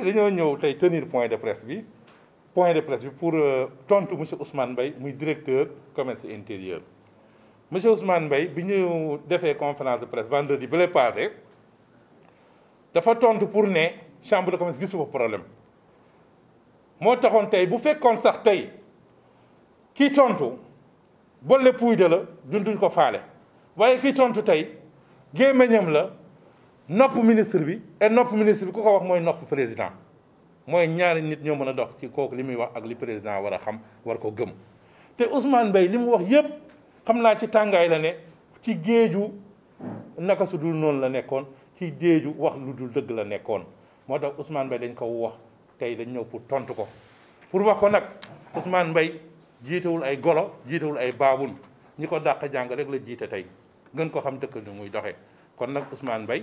tey dañoo ñëw tey tenir point de presse bi point de presse bi pour euh, tontu monsieur Ousmane Bay muy directeur commerce intérieur monsieur Ousmane Bay bi ñu défé conférence de presse vendredi bi lay passé dafa tontu pour né chambre de commerce gisu fa problème mo taxone tay bu fekkon sax tay ki tontu boole pouy de la dunduñ ko faalé waye ki tontu tey gémmiñam la. nopp ministre bi nopp ministre bi ku ko wax mooy nopp président mooy ñaari nit ñoo mën a dox ci kooku li muy wax ak li président war a xam war ko gëm te Ousmane bay li mu wax yépp xam naa ci tàngaay la ne ci géeju naka su dul noonu la nekkoon ci géeju wax lu dul dëgg la nekkoon moo tax Ousmane Mbaye dañ ko wax tey dañ ñëw pour tontu ko pour wax ko nag Ousmane Mbaye jiitewul ay golo jiitewul ay baabul ñi ko daq jàng rek la jiite tey gën ko xam dëkk bi muy doxee kon nag Ousmane Mbaye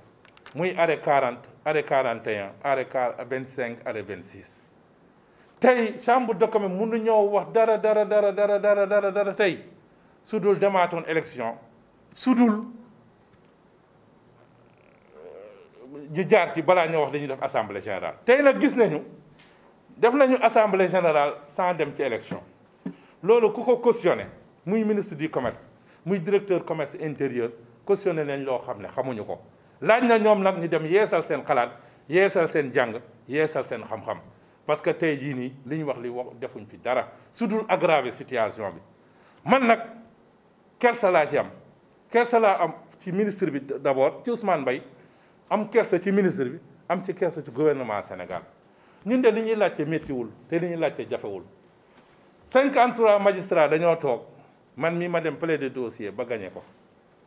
muy arrêt 40 arrêt 41 arrêt 25 arrêt 26 Tay, chambre de commerce mënu ñoo wax dara dara dara dara dara dara dara tey de dul élection su dul euh, ñu jaar ci balaa ñoo wax dañuy def assemblée générale Tay n'a gis nañu def nañu assemblée générale sans dem ci élection loolu ku ko cautionné muy ministre du commerce muy directeur commerce intérieur cautionné nañ loo xam ne xamuñu ko laaj na ñoom nag ñu dem yeesal seen xalaat yeesal seen jàng yeesal seen xam-xam parce que tey jii nii li ñu wax li wax defuñ fi dara su dul aggraver situation bi man nag kersa laa ci am kersa laa am ci ministre bi d'abord ci Ousmane Mbaye am kersa ci ministre bi am ci kersa ci gouvernement Sénégal ñun de li ñuy laajte méttiwul te li ñuy laajte jafewul 53 magistrats dañoo toog man mii ma dem plaider dossier ba gagné ko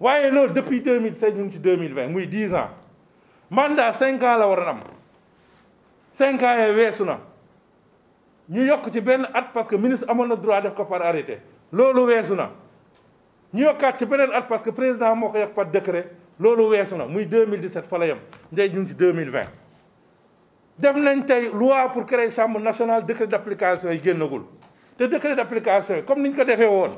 waaye loolu depuis 2016 ñu 2020 muy 10 ans mandat 5 ans la 5 ans yee weesu New ñu yokk ci ben at parce que ministre amoon na droit def ko par arrêté loolu weesu New ñu yokkaat ci at parce que président n'a pas yokk par décret Lolo weesu na 2017 fa la yem ndey 2020. def une loi pour créer chambre nationale décret d'application application yi génnagul te décret d'application, comme nous l'avons fait,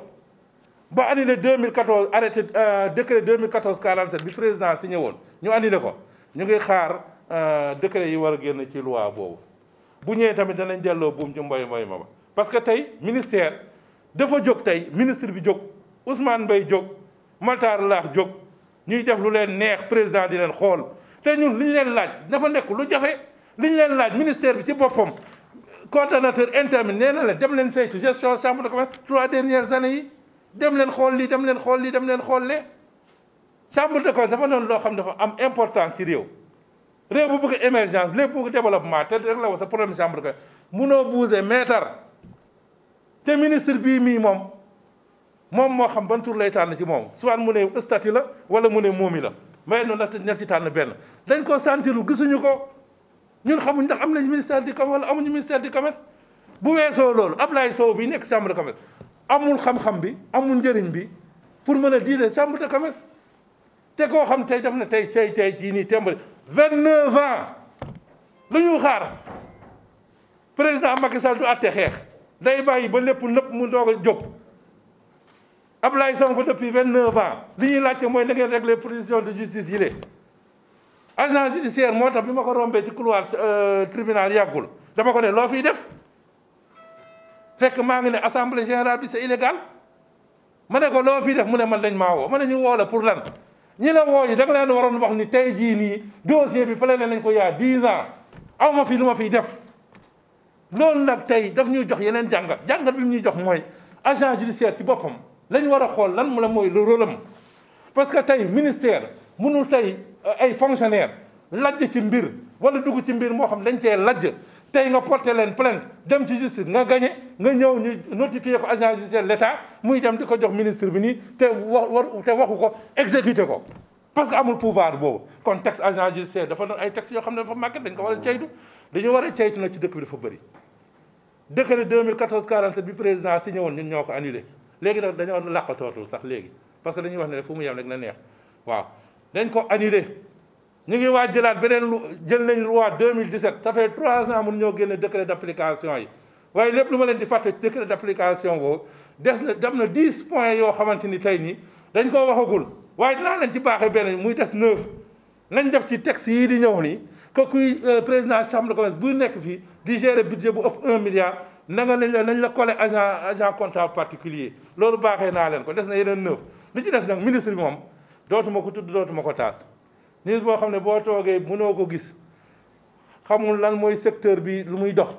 année le 2014 arrêté euh, décret 2014 47 bi président signé ñu annulé ko ñu ngi xaar euh, décret yi war génn loi bu tamit ci parce que le ministère dafa jóg ministre bi Ousmane Mbaye jóg Matar Laax jóg ñuy def président di leen xool ñun leen laaj dafa nekk ministère bi ci coordonnateur Il leen gestion chambre de trois dernières années dem leen xool lii dem leen xool lii dem leen xool le chambre de commerce dafa noonu loo xam dafa am importance si réew réew bu bëgg émergence lépp bëgg développement te rek la wax sa problème chambre de commerce munoo bouger meetar te ministre bii mii moom moom moo xam ban tur lay tànn ci moom soit mu ne statut la wala mu ne moomi la mais noonu ndax ñett ci tànn benn dañ ko sentiru gisuñu ko ñun xamuñ ndax am nañ ministère di commerce wala amuñu ministère du commerce bu weesoo loolu Ablaye Sow bi nekk chambre de amul xam-xam bi amul njëriñ bi pour mën a diire chambre de commerce te koo xam tey def na tey tey tey jii nii tembale vingt neuf ans lu ñu xaar président Macky Sall du àtte xeex day bàyyi ba lépp nëpp mu doog a jóg Ablaye Sonko depuis vingt neuf ans li ñuy laajte mooy da ngeen régler prévision de justice yi lée agent judiciaire moo tax bi ma ko rombee ci couloir tribunal yàggul dama ko ne loo fiy def fekk maa ngi ne assemblée général bi c'est illégal ma ne ko loo fii def mu ne man dañ maa woo ma ne ñu woo pour lan ñu la woo ñi da nga leen waroon wax ni tey jii nii dossier bi fële nañ ko yaa 10 ans aw ma fii lu ma fiy def loolu nag tey def ñuy jox yeneen jàngat jàngat bi mu ñuy jox mooy agent judiciaire ci boppam lañ war a xool lan mu la mooy le rôle parce que tey ministère mënul tey euh, ay fonctionnaire lajj ci mbir wala dugg ci mbir moo xam dañ cee lajj tey nga porte leen plainte dem ci justice nga gagné nga ñëw ñu notifié ko agent judiciaire l' muy dem di ko jox ministre bi nii te wax war te waxu ko exécuté ko parce que amul pouvoir boobu kon texte agent judiciaire dafa doon ay texte yoo xam ne dafa màgget dañ ko war a ceytu dañu war a ceytu nag ci dëkk bi dafa bëri décret 2014 47 bi président signé woon ñun ñoo ko annulé léegi nag dañoo làqatootul sax léegi parce que dañuy wax ne fu mu yem rek neex waaw dañ ko annulé Nous avons reçu la loi de 2017, ça fait trois ans que nous avons reçu le décret d'application. nous avons fait le décret d'application, nous avons fait 10 points aujourd'hui, nous l'avons reçu. Mais nous avons reçu un nouveau décret, nous l'avons reçu le texte de l'Union, que le euh, président de la Chambre de commerce, qui est ici, a géré le budget de 1 milliard, nous l'avons reçu par l'agent comptable particulier, nous avons reçu, le décret nouveau décret. Nous avons reçu le ministre, nous l'avons reçu le ministre. nit boo xam ne boo toogee mënoo ko gis xamul lan mooy secteur bi lu muy dox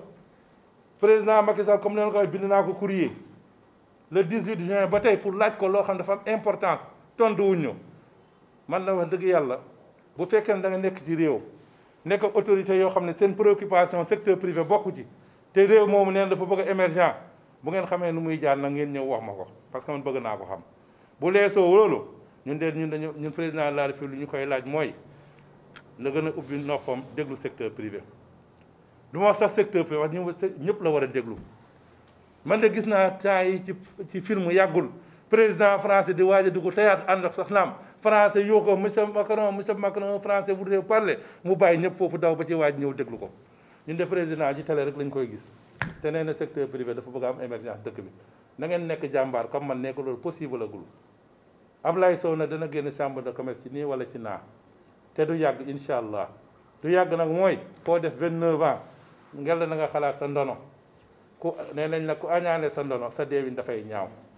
président Macky Sall comme ni ko waxee bind naa ko courrier le 18 juin ba tey pour laaj ko loo xam ne dafa am importance tontu wuñ man na wax dëgg yàlla bu fekkee ne da nga nekk ci réew nekk autorité yoo xam ne seen préoccupation secteur privé bokku ci te réew moomu neen dafa bëgg émergent bu ngeen xamee ni muy jaan na ngeen ñëw wax ma ko parce que man bëgg naa ko xam bu leesoo loolu ñun de ñun dañu ñun président de la République lu ñu koy laaj mooy la gën a ubbi noppam déglu secteur privé du ma wax sax secteur privé wax ñëpp la war a déglu man de gis naa temps yi ci ci film yàggul président français di a dugg théâtre ànd ak soxnaam français yoo ko monsieur Macron monsieur Macron français voudrait parler mu bàyyi ñëpp foofu daw ba ci waaj ñëw déglu ko ñun de président ci télé rek lañ koy gis te nee na secteur privé dafa bëgg am émergence dëkk bi na ngeen nekk jàmbaar comme man nekk loolu possible gul Ablaye Sow na dana génn chambre de commerce ci nii wala ci naa te du yàgg incha allah du yàgg nag mooy foo def 29 ans ngel na nga xalaat sa ndono ku nee nañ la ku añaane sa ndono sa deewin dafay ñaaw